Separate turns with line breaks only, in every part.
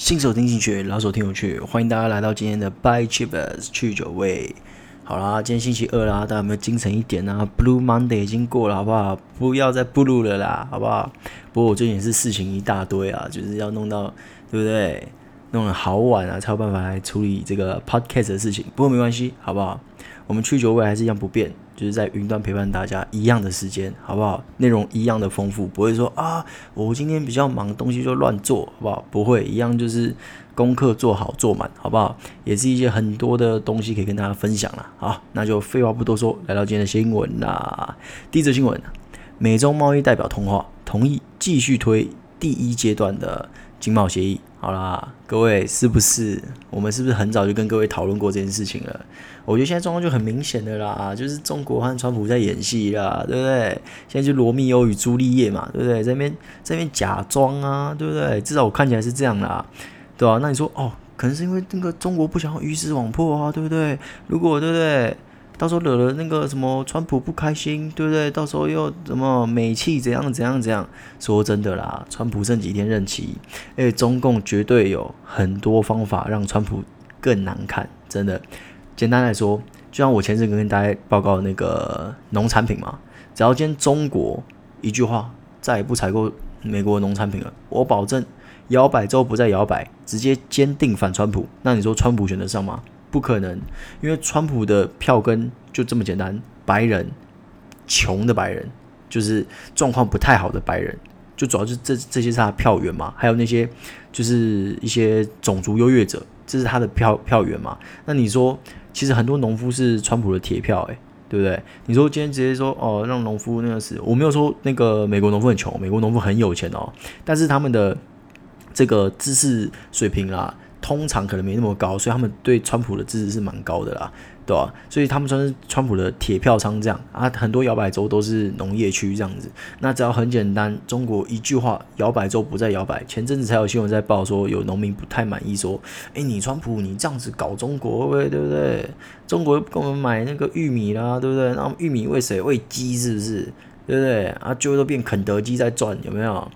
新手聽進去，老手聽有趣，歡迎大家來到今天的 Buy Cheapers 去酒位。好啦，今天星期二啦，大家有沒有精神一點啦？啊，Blue Monday 已經過了，好不好？不要再 Blue 了啦，好不好？不過我最近也是事情一大堆啊，就是要弄到，對不對？弄了好晚啊，才有辦法來處理這個 podcast 的事情。不過沒關係，好不好？我們去酒位還是一樣不變。就是在雲端陪伴大家一樣的時間，好不好？內容一樣的豐富，不會說啊，我今天比較忙，東西就亂做，好不好？不會，一樣就是功課做好做滿，好不好？也是一些很多的東西可以跟大家分享啦。好，那就廢話不多說，來到今天的新聞啦。第一則新聞：美中貿易代表通話，同意繼續推第一階段的經貿協議。好啦，各位是不是？我們是不是很早就跟各位討論過這件事情了？我覺得現在狀況就很明顯的啦，就是中國和川普在演戲啦，對不對？現在就羅密歐與朱麗葉嘛，對不對？在那邊在那邊假裝啊，對不對？至少我看起來是這樣啦，對吧、啊？那你說哦，可能是因為那個中國不想要魚死網破啊，對不對？如果對不對？到時候惹了那個什麼川普不開心，對不對？到時候又怎麼美氣怎樣怎樣怎樣？說真的啦，川普這幾天任期，哎，中共絕對有很多方法讓川普更難看，真的。簡單來說，就像我前陣子跟大家報告那個農產品嘛，只要今天中國一句話再也不採購美國的農產品了，我保證搖擺州不再搖擺，直接堅定反川普。那你說川普選得上嗎？不可能，因為川普的票根就這麼簡單，白人，窮的白人，就是狀況不太好的白人，就主要就這這些是他的票源嘛，還有那些就是一些種族優越者，這是他的票票源嘛。那你說，其實很多農夫是川普的鐵票、欸，誒，對不對？你說今天直接說哦，讓農夫那個死，我沒有說那個美國農夫很窮，美國農夫很有錢哦，但是他們的這個知識水平啊。通常可能沒那麼高，所以他們對川普的支持是蠻高的啦，對吧、啊？所以他們算是川普的鐵票倉這樣啊。很多搖擺州都是農業區這樣子，那只要很簡單，中國一句話，搖擺州不再搖擺。前陣子才有新聞在報說，有農民不太滿意，說：“誒，你川普你這樣子搞中國會不會？對不對？中國給我們買那個玉米啦，對不對？那玉米餵誰？餵雞是不是？對不對？啊，就都變肯德基在賺，有沒有？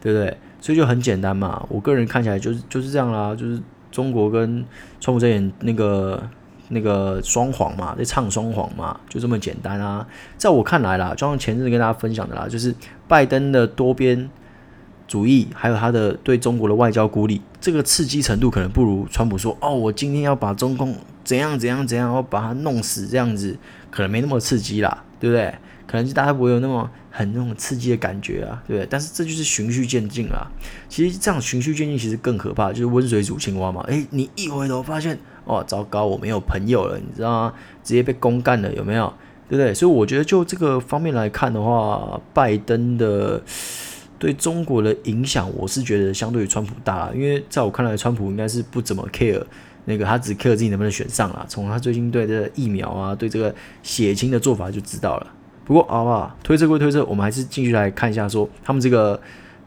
對不對？”所以就很簡單嘛，我個人看起來就是就是這樣啦，就是中國跟川普在演那個那個雙簧嘛，在唱雙簧嘛，就這麼簡單啊。在我看來啦，就像前陣子跟大家分享的啦，就是拜登的多邊主義，還有他的對中國的外交孤立，這個刺激程度可能不如川普說，哦，我今天要把中共怎樣怎樣怎樣，我把他弄死這樣子，可能沒那麼刺激啦，對不對？可能就大家不會有那麼很那種刺激的感覺啊，對不對？但是這就是循序漸進啊。其實這樣循序漸進其實更可怕，就是溫水煮青蛙嘛。誒、欸，你一回頭發現，哦，糟糕，我沒有朋友了，你知道嗎？直接被公幹了，有沒有？對不對？所以我覺得就這個方面來看的話，拜登的對中國的影響，我是覺得相對於川普大，因為在我看來，川普應該是不怎麼 care 那個，他只 care 自己能不能選上啦。從他最近對這個疫苗啊，對這個血清的做法就知道了。不過啊，推測歸推測，我們還是繼續來看一下說，說他們這個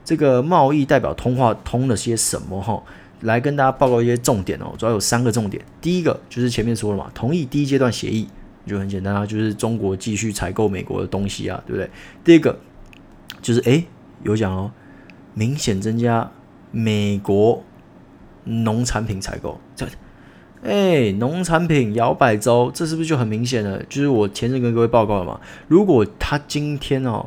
這個貿易代表通話通了些什麼哈、哦，來跟大家報告一些重點哦。主要有三個重點，第一個就是前面說了嘛，同意第一階段協議，就很簡單啊，就是中國繼續採購美國的東西啊，對不對？第二個就是哎，有講哦，明顯增加美國農產品採購這樣。哎，農產品搖擺州，這是不是就很明顯了？就是我前陣跟各位報告了嘛。如果他今天哦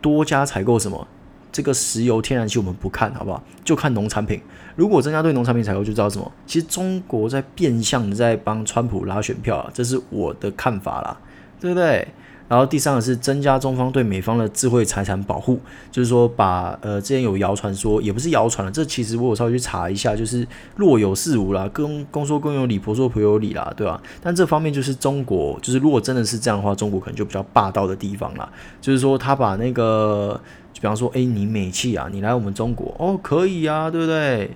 多加採購什麼，這個石油天然氣我們不看好不好？就看農產品。如果增加對農產品採購，就知道什麼。其實中國在變相的在幫川普拉選票啊，這是我的看法啦，對不對？然後第三個是增加中方對美方的智慧財產保護，就是說把呃之前有謠傳說也不是謠傳了，這其實我有稍微去查一下，就是若有似無啦，公公說公有理，婆說婆有理啦，對吧、啊？但這方面就是中國，就是如果真的是這樣的話，中國可能就比較霸道的地方啦。就是說他把那個就比方說，誒，你美企啊，你來我們中國哦，可以啊，對不對？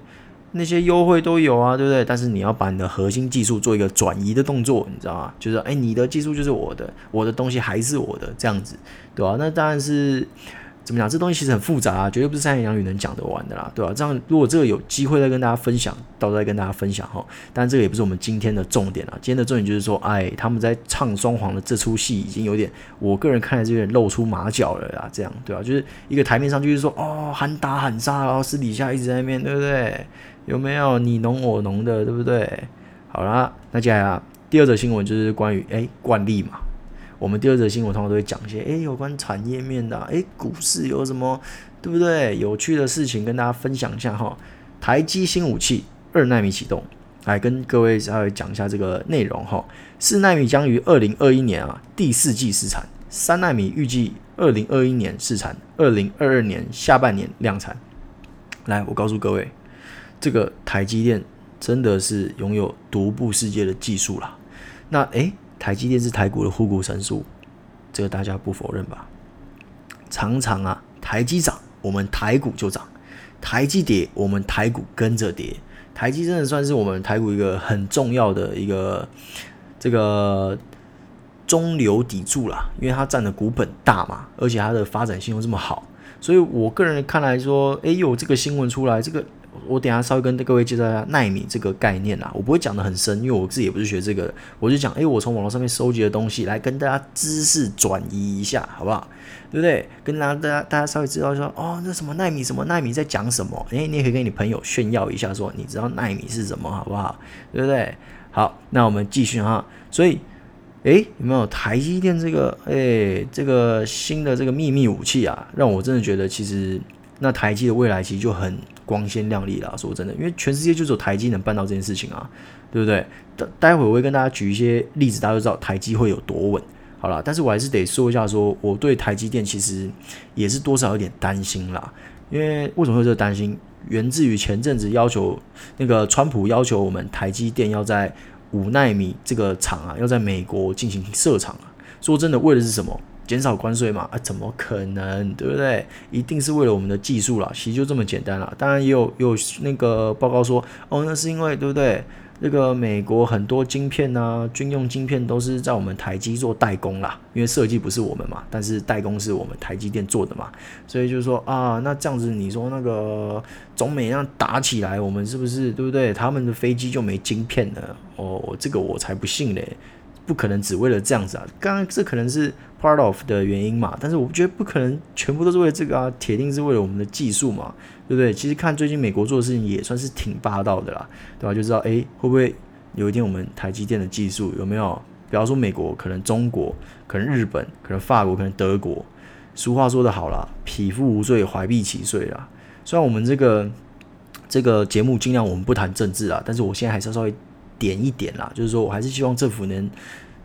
那些優惠都有啊，對不對？但是你要把你的核心技術做一個轉移的動作，你知道嗎？就是哎、欸，你的技術就是我的，我的東西還是我的，這樣子，對吧、啊？那當然是怎麼講，這東西其實很複雜啊，絕對不是三言兩語能講得完的啦，對吧、啊？這樣如果這個有機會再跟大家分享，到時候再跟大家分享哈、哦。但這個也不是我們今天的重點了，今天的重點就是說，哎，他們在唱雙簧的這出戲已經有點，我個人看來是有點露出馬腳了啦，這樣，對吧、啊？就是一個台面上就是說哦喊打喊殺，然後私底下一直在那邊，對不對？有沒有你儂我儂的，對不對？好啦，那接下來啊，第二則新聞就是關於哎慣例嘛。我們第二則新聞通常都會講一些哎有關產業面的哎、啊、股市有什麼對不對？有趣的事情跟大家分享一下哈。台積新武器二奈米啟動，來跟各位稍微講一下這個內容哈。四奈米將於二零二一年啊第四季試產，三奈米預計二零二一年試產，二零二二年下半年量產。來，我告訴各位。這個台積電真的是擁有獨步世界的技術啦。那誒，台積電是台股的護國神山，這個大家不否認吧？常常啊，台積漲，我們台股就漲；台積跌，我們台股跟着跌。台積真的算是我們台股一個很重要的一個這個中流砥柱啦，因為它占的股本大嘛，而且它的發展性又這麼好，所以我個人看來說，哎呦，有這個新聞出來，這個。我等一下稍微跟各位介紹一下奈米這個概念啊。我不會講得很深，因為我自己也不是學這個的，我就講，誒，我從網絡上面收集的東西來跟大家知識轉移一下，好不好？對不對？跟大家大家稍微知道說，哦，那什麼奈米什麼奈米在講什麼？誒，你也可以跟你朋友炫耀一下，說你知道奈米是什麼，好不好？對不對？好，那我們繼續哈。所以，誒，有沒有台積電這個，誒，這個新的這個祕密武器啊？讓我真的覺得，其實那台積的未來其實就很。光鮮亮麗啦，說真的，因為全世界就只有台積能辦到這件事情啊，對不對？待待會我會跟大家舉一些例子，大家就知道台積會有多穩。好啦，但是我還是得說一下說，說我對台積電其實也是多少有點擔心啦。因為為什麼會有這個擔心？源自於前陣子要求那個川普要求我們台積電要在五奈米這個廠啊，要在美國進行設廠啊。說真的，為的是什麼？減少關稅嘛？啊，怎麼可能？對不對？一定是為了我們的技術啦。其實就這麼簡單啦，當然也有有那個報告說，哦，那是因為對不對？那個美國很多晶片啊，軍用晶片都是在我們台積做代工啦，因為設計不是我們嘛，但是代工是我們台積電做的嘛。所以就是說啊，那這樣子，你說那個中美那樣打起來，我們是不是對不對？他們的飛機就沒晶片了？哦，這個我才不信嘞。不可能只為了這樣子啊，剛剛這可能是 part of 的原因嘛，但是我覺得不可能全部都是為了這個啊，鐵定是為了我們的技術嘛，對不對？其實看最近美國做的事情也算是挺霸道的啦，對吧？就知道誒，會不會有一天我們台積電的技術有沒有？比方說美國，可能中國，可能日本，可能法國，可能德國。俗話說得好啦，匹夫無罪，懷璧其罪啦。雖然我們這個這個節目儘量我們不談政治啦，但是我現在還是稍，稍微點一點啦，就是說我還是希望政府能，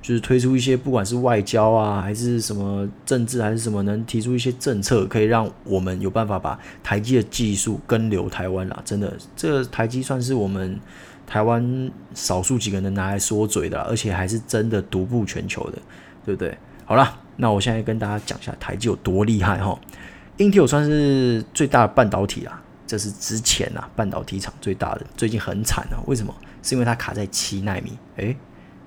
就是推出一些不管是外交啊，還是什麼政治，還是什麼，能提出一些政策，可以讓我們有辦法把台積的技術根留台灣啦。真的，這個、台積算是我們台灣少數幾個人拿來說嘴的啦，而且還是真的獨步全球的，對不對？好啦，那我現在跟大家講一下台積有多厲害哈。Intel 算是最大的半導體啦。這是之前吶、啊，半導體廠最大的，最近很慘啊。為什麼？是因為它卡在七奈米。哎，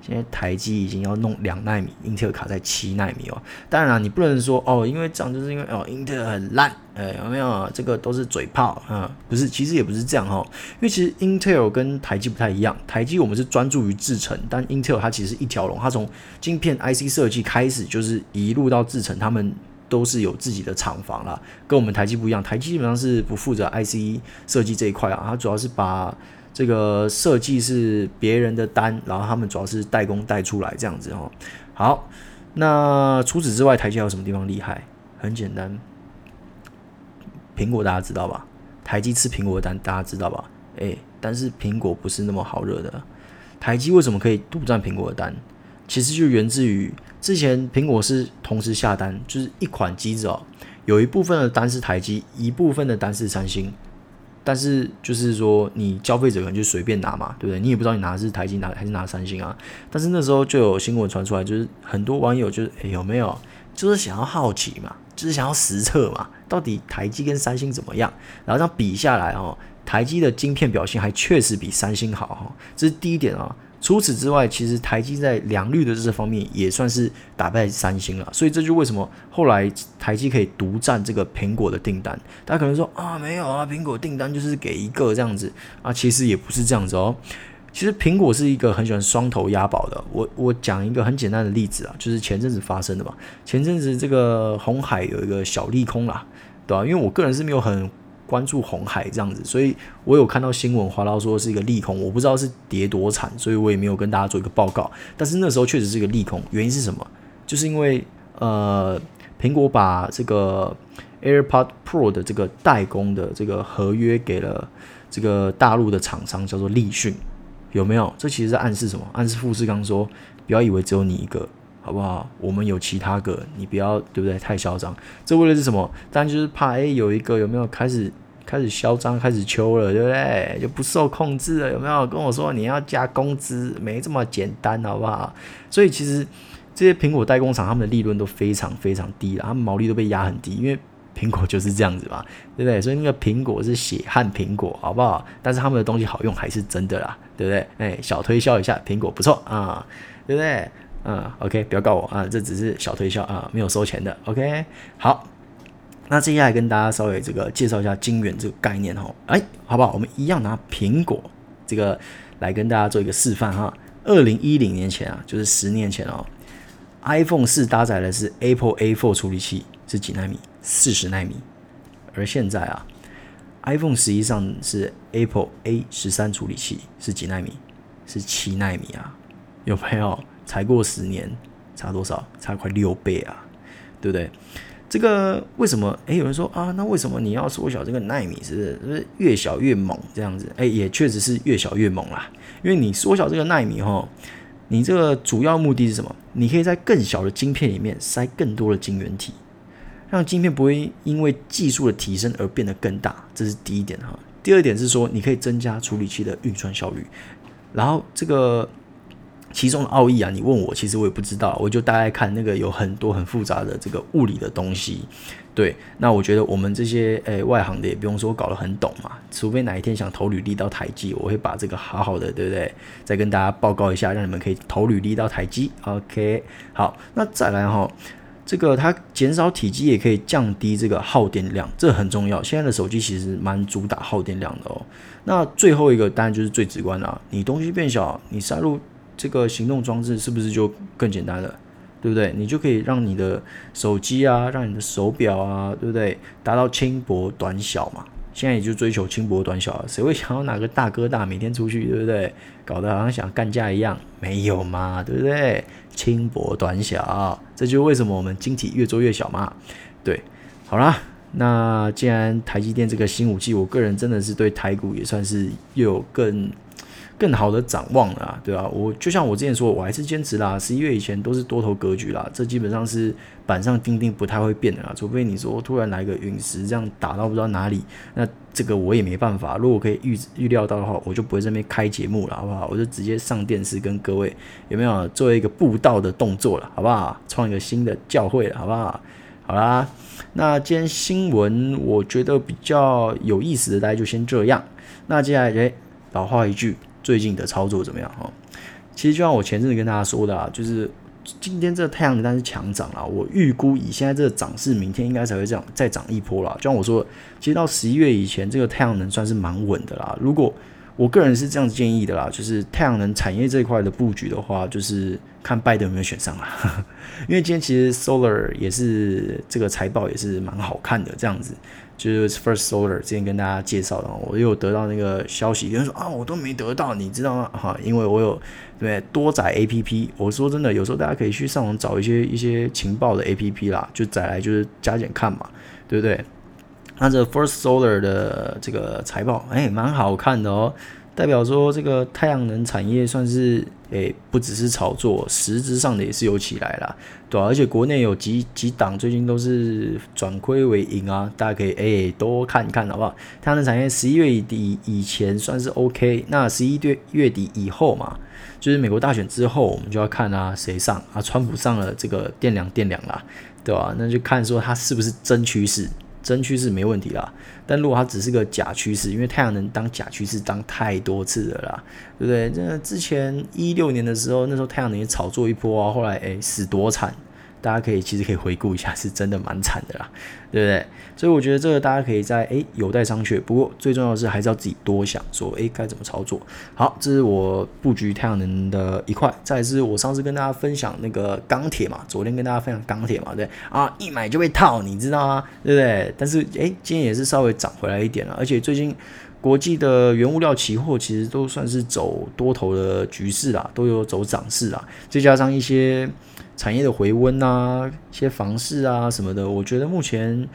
現在台積已經要弄兩奈米，英特爾卡在七奈米哦。當然、啊，啦，你不能說哦，因為這樣就是因為哦，英特爾很爛，哎，有沒有？這個都是嘴炮啊、嗯，不是，其實也不是這樣哈、哦。因為其實英特爾跟台積不太一樣，台積我們是專注於製程，但英特爾它其實是一條龍，它從晶片 IC 設計開始，就是一路到製程，他們。都是有自己的廠房了，跟我們台積不一樣，台積基本上是不負責 IC 設計這一塊啊，它主要是把這個設計是別人的單，然後他們主要是代工代出來這樣子哦。好，那除此之外，台積還有什麼地方厲害？很簡單，蘋果大家知道吧？台積吃蘋果的單，大家知道吧？誒，但是蘋果不是那麼好惹的，台積為什麼可以獨佔蘋果的單？其實就源自於。之前蘋果是同時下單，就是一款機子哦，有一部分的單是台積，一部分的單是三星。但是就是說，你消費者可能就隨便拿嘛，對不對？你也不知道你拿的是台積，拿還是拿三星啊。但是那時候就有新聞傳出來，就是很多網友就是、欸、有沒有，就是想要好奇嘛，就是想要實測嘛，到底台積跟三星怎麼樣？然後這樣比下來哦，台積的晶片表現還確實比三星好，哦、這是第一點哦。除此之外，其實台積在良率的這方面也算是打敗三星了，所以這就是為什麼後來台積可以獨佔這個蘋果的訂單。大家可能說啊，沒有啊，蘋果訂單就是給一個這樣子啊，其實也不是這樣子哦。其實蘋果是一個很喜歡雙頭押寶的。我我講一個很簡單的例子啊，就是前陣子發生的嘛，前陣子這個紅海有一個小利空啦，對吧、啊？因為我個人是沒有很。關注鴻海這樣子，所以我有看到新聞，滑到說是一個利空，我不知道是跌多慘，所以我也沒有跟大家做一個報告。但是那時候確實是一個利空，原因是什麼？就是因為呃，蘋果把這個 AirPods Pro 的這個代工的這個合約給了這個大陸的廠商，叫做立訊，有沒有？這其實在暗示什麼？暗示富士康說，不要以為只有你一個。好不好？我們有其他個，你不要對不對？太囂張。這為了是什麼？當然就是怕，哎、欸，有一個有沒有開始開始囂張，開始秋了，對不對？就不受控制了，有沒有跟我說你要加工資？沒這麼簡單，好不好？所以其實這些蘋果代工廠他們的利潤都非常非常低了，他們毛利都被壓很低，因為蘋果就是這樣子嘛，對不對？所以那個蘋果是血汗蘋果，好不好？但是他們的東西好用還是真的啦，對不對？哎、欸，小推銷一下，蘋果不錯啊、嗯，對不對？嗯，OK，不要告我啊，這只是小推銷啊，沒有收錢的。OK，好，那接下來跟大家稍微這個介紹一下晶圓這個概念哈、哦。哎，好不好？我們一樣拿蘋果這個來跟大家做一個示範哈。二零一零年前啊，就是十年前哦，iPhone 四搭載的是 Apple A4 處理器是幾奈米？四十奈米。而現在啊，iPhone 11上是 Apple A 十三處理器是幾奈米？是七奈米啊？有沒有？才過十年，差多少？差快六倍啊，對不對？這個為什麼？哎，有人說啊，那為什麼你要縮小這個奈米？是不是越小越猛這樣子？哎，也確實是越小越猛啦。因為你縮小這個奈米哈，你這個主要目的是什麼？你可以在更小的晶片裡面塞更多的晶圓體，讓晶片不會因為技術的提升而變得更大。這是第一點哈。第二點是說，你可以增加處理器的運算效率。然後這個。其中的奧義啊，你問我，其實我也不知道，我就大概看那個有很多很複雜的這個物理的東西，對。那我覺得我們這些誒、欸、外行的也不用說我搞得很懂嘛，除非哪一天想投履歷到台積，我會把這個好好的，對不對？再跟大家報告一下，讓你們可以投履歷到台積。OK，好，那再來哈，這個它減少體積也可以降低這個耗電量，這很重要。現在的手機其實蠻主打耗電量的哦。那最後一個當然就是最直觀的，啊，你東西變小，你塞入。這個行動裝置是不是就更簡單了，對不對？你就可以讓你的手機啊，讓你的手錶啊，對不對？達到輕薄短小嘛，現在也就追求輕薄短小了。誰會想要哪個大哥大每天出去，對不對？搞得好像想幹架一樣，沒有嘛，對不對？輕薄短小，這就是為什麼我們晶體越做越小嘛。對，好啦。那既然台積電這個新武器，我個人真的是對台股也算是又有更。更好的展望啦、啊、對吧、啊？我就像我之前說，我還是堅持啦，十一月以前都是多頭格局啦，這基本上是板上釘釘，不太會變的啦，除非你說突然來個隕石這樣打到不知道哪裡，那這個我也沒辦法。如果可以預預料到的話，我就不會這邊開節目了，好不好？我就直接上電視跟各位有沒有做一個佈道的動作了，好不好？創一個新的教會了，好不好？好啦，那今天新聞我覺得比較有意思的，大家就先這樣。那接下來、哎、老話一句。最近的操作怎麼樣哈？其實就像我前陣子跟大家說的，就是今天這個太陽能但是強漲了。我預估以現在這個漲勢，明天應該才會這樣再漲一波啦。就像我說，其實到十一月以前，這個太陽能算是蠻穩的啦。如果我個人是這樣子建議的啦，就是太陽能產業這一塊的布局的話，就是看拜登有沒有選上啦。 因為今天其實 Solar 也是這個財報也是蠻好看的這樣子。就是 First Solar 之前跟大家介紹的，我有得到那個消息，有人說啊，我都沒得到，你知道嗎？哈、啊，因為我有對不對，多載 A P P，我說真的，有時候大家可以去上網找一些一些情報的 A P P 啦，就載來就是加減看嘛，對不對？那這 First Solar 的這個財報，哎，蠻好看的哦。代表說，這個太陽能產業算是誒、欸，不只是炒作，實質上的也是有起來了，對、啊、而且國內有幾幾檔最近都是轉虧為盈啊，大家可以誒、欸、多看看，好不好？太陽能產業十一月底以前算是 OK，那十一月月底以後嘛，就是美國大選之後，我們就要看啊，誰上啊？川普上了這個掂量掂量啦，對吧、啊？那就看說它是不是真趨勢。真趨勢沒問題啦，但如果它只是個假趨勢，因為太陽能當假趨勢當太多次了啦，對不對？那之前一六年的時候，那時候太陽能也炒作一波啊，後來誒、欸、死多慘。大家可以其實可以回顧一下，是真的蠻慘的啦，對不對？所以我覺得這個大家可以在哎，有待商榷。不過最重要的是還是要自己多想說，說哎該怎麼操作。好，這是我布局太陽能的一塊。再來是我上次跟大家分享那個鋼鐵嘛，昨天跟大家分享鋼鐵嘛，對啊，一買就被套，你知道啊，對不對？但是哎，今天也是稍微漲回來一點了。而且最近國際的原物料期貨其實都算是走多頭的局勢啦，都有走漲勢啦。再加上一些。產業的回溫啊，一些房市啊什麼的，我覺得目前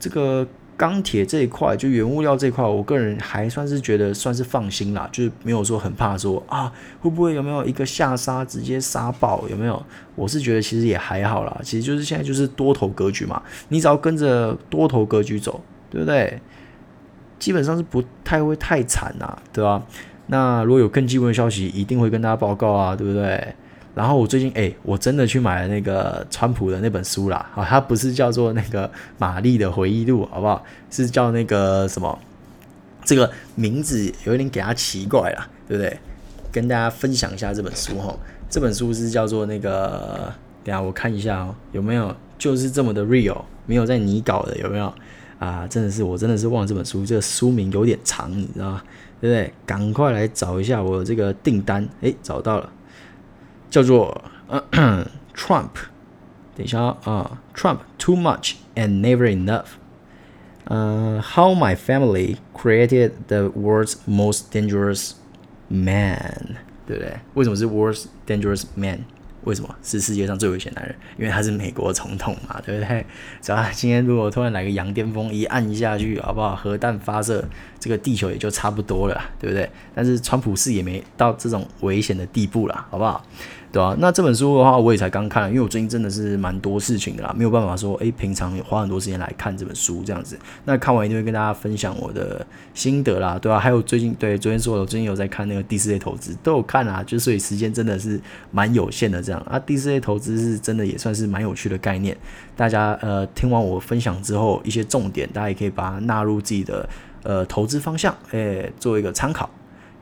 這個鋼鐵這一塊就原物料這一塊，我個人還算是覺得算是放心啦，就是沒有說很怕說啊會不會有沒有一個下殺直接殺爆有沒有？我是覺得其實也還好啦，其實就是現在就是多頭格局嘛，你只要跟着多頭格局走，對不對？基本上是不太會太慘啦，對吧？那如果有更進一步的消息，一定會跟大家報告啊，對不對？然後我最近哎，我真的去買了那個川普的那本書啦。好、哦，它不是叫做那個瑪麗的回憶錄，好不好？是叫那個什麼？這個名字有點給大家奇怪啦，對不對？跟大家分享一下這本書哈、哦。這本書是叫做那個……等下我看一下哦，有沒有？就是這麼的 real，沒有在你搞的有沒有？啊，真的是我真的是忘了這本書，這個書名有點長，你知道嗎？對不對？趕快來找一下我這個訂單，哎，找到了。叫做、啊、，Trump，等一下啊，Trump too much and never enough。嗯、uh, how my family created the world's most dangerous man，對不對？為什麼是 world's dangerous man？為什麼是世界上最危險的男人？因為他是美國總統嘛，對不對？只要今天如果突然來個羊癲瘋，一按下去，好不好？核彈發射，這個地球也就差不多了，對不對？但是川普是也沒到這種危險的地步了，好不好？對啊，那這本書的話，我也才剛看了，因為我最近真的是蠻多事情的啦，沒有辦法說，誒，平常花很多時間來看這本書這樣子。那看完一定會跟大家分享我的心得啦，對吧、啊？還有最近，對昨天說我最近有在看那個第四類投資，都有看啊，就所以時間真的是蠻有限的這樣啊。第四類投資是真的也算是蠻有趣的概念，大家呃聽完我分享之後，一些重點大家也可以把它納入自己的呃投資方向，哎，做一個參考，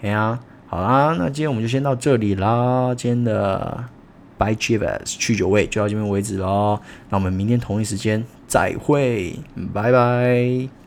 呀、啊。好啦，那今天我們就先到這裡啦。今天的 By Jeeves 去酒味就到這邊為止嘍。那我們明天同一時間再會，拜拜。